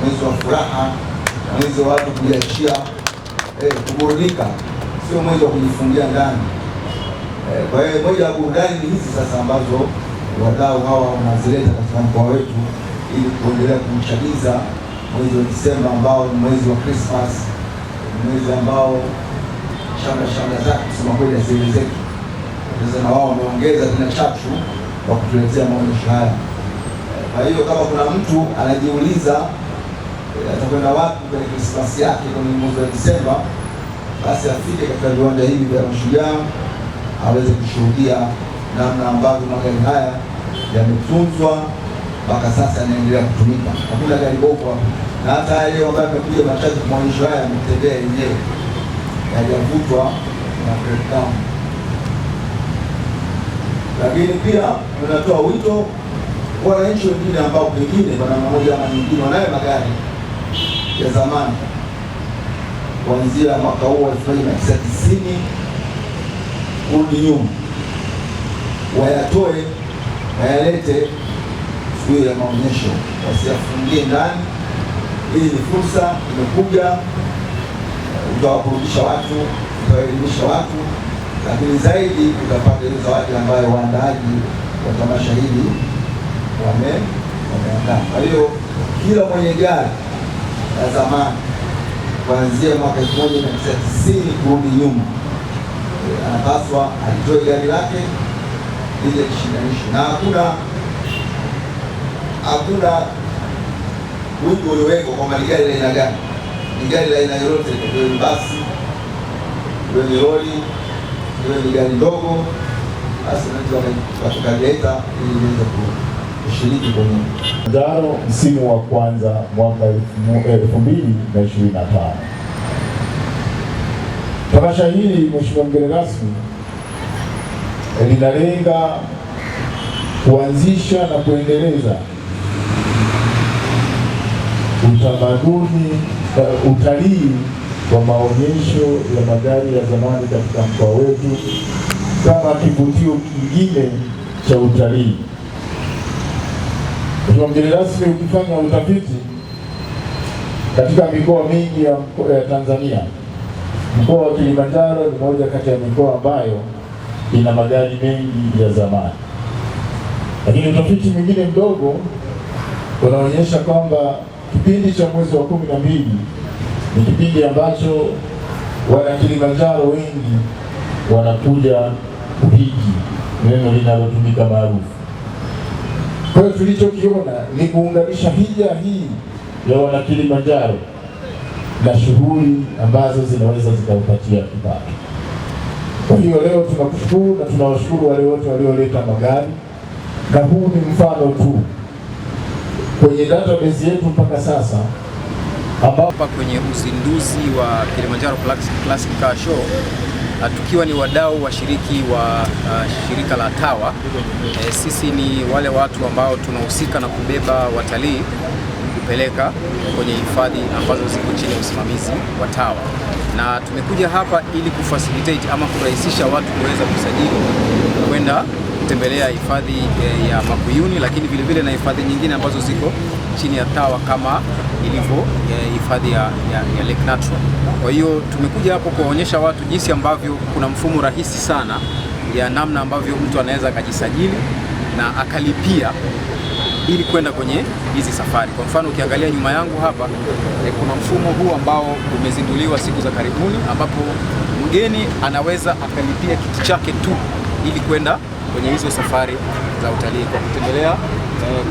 mwezi wa furaha, mwezi wa watu kujiachia, eh, kuburudika, sio mwezi wa kujifungia ndani. Eh, kwa hiyo moja ya burudani ni hizi sasa ambazo wadau hawa wanazileta katika mkoa wetu ili kuendelea kumchagiza mwezi wa Disemba ambao ni mwezi wa Christmas, mwezi ambao shamra shamra zake kusema kweli hazielezeki. Sasa na wao wameongeza tena chachu kwa kutuletea maonyesho haya. Eh, kwa hiyo kama kuna mtu anajiuliza atakwenda wapi kwenye Krismasi yake kwenye mwezi wa Desemba, basi afike katika viwanja hivi vya Mashujaa aweze kushuhudia namna ambavyo magari haya yametunzwa mpaka sasa yanaendelea kutumika. Hakuna gari bovu na hata yale ambayo yamekuja machache kwa haya yametembea yenyewe, yajavutwa na breakdown. Lakini pia tunatoa wito wananchi wengine ambao pengine kwa namna moja ama nyingine wanayo magari ya zamani kuanzia mwaka huu wa 1990 kurudi nyuma, wayatoe wayalete siku hiyo ya maonyesho, wasiyafungie ndani. Hii ni fursa imekuja, utawakurudisha watu, utawaelimisha watu, lakini zaidi utapata ile zawadi ambayo waandaaji wa tamasha hili wame wameandaa. Kwa hiyo kila mwenye gari ya zamani kuanzia mwaka 1990 kurudi nyuma, eh, anapaswa alitoe gari lake lile kishindanishi, na hakuna hakuna wingi uliowekwa kwamba ni gari la aina gani, ni gari la aina yoyote, iwe ni basi, iwe ni lori, iwe ni gari ndogo, basi wanaikaleta ili iweze kurudi kushiriki kwenye mashindano msimu wa kwanza mwaka elfu mbili na ishirini na tano. Tamasha hili Mheshimiwa mgeni rasmi, linalenga kuanzisha na kuendeleza utamaduni uh, utalii wa maonyesho ya magari ya zamani katika mkoa wetu kama kivutio kingine cha utalii. Mheshimiwa mgeni rasmi, ukifanya utafiti katika mikoa mingi ya Tanzania, mkoa wa Kilimanjaro ni moja kati ya mikoa ambayo ina magari mengi ya zamani, lakini utafiti mwingine mdogo unaonyesha kwamba kipindi cha mwezi wa kumi na mbili ni kipindi ambacho wana Kilimanjaro wengi wanakuja kuhiji, neno linalotumika maarufu kwa hiyo tulichokiona ni kuunganisha hija hii ya wana Kilimanjaro na shughuli ambazo zinaweza zikaupatia kipato. Kwa hiyo leo tunakushukuru na tunawashukuru wale wote walioleta magari, na huu ni mfano tu kwenye database yetu mpaka sasa ambao kwenye uzinduzi wa Kilimanjaro Classic Car Show Eh, tukiwa ni wadau washiriki wa, wa uh, shirika la TAWA e, sisi ni wale watu ambao tunahusika na kubeba watalii kupeleka kwenye hifadhi ambazo ziko chini ya usimamizi wa TAWA, na tumekuja hapa ili kufacilitate ama kurahisisha watu kuweza kusajili kwenda kutembelea hifadhi ya Makuyuni, lakini vilevile na hifadhi nyingine ambazo ziko chini ya TAWA kama ilivyo hifadhi ya, ya, ya Lake Natron. Kwa hiyo tumekuja hapo kuwaonyesha watu jinsi ambavyo kuna mfumo rahisi sana ya namna ambavyo mtu anaweza akajisajili na akalipia ili kwenda kwenye hizi safari. Kwa mfano ukiangalia nyuma yangu hapa e, kuna mfumo huu ambao umezinduliwa siku za karibuni, ambapo mgeni anaweza akalipia kiti chake tu ili kwenda kwenye hizo safari za utalii kwa kutembelea e,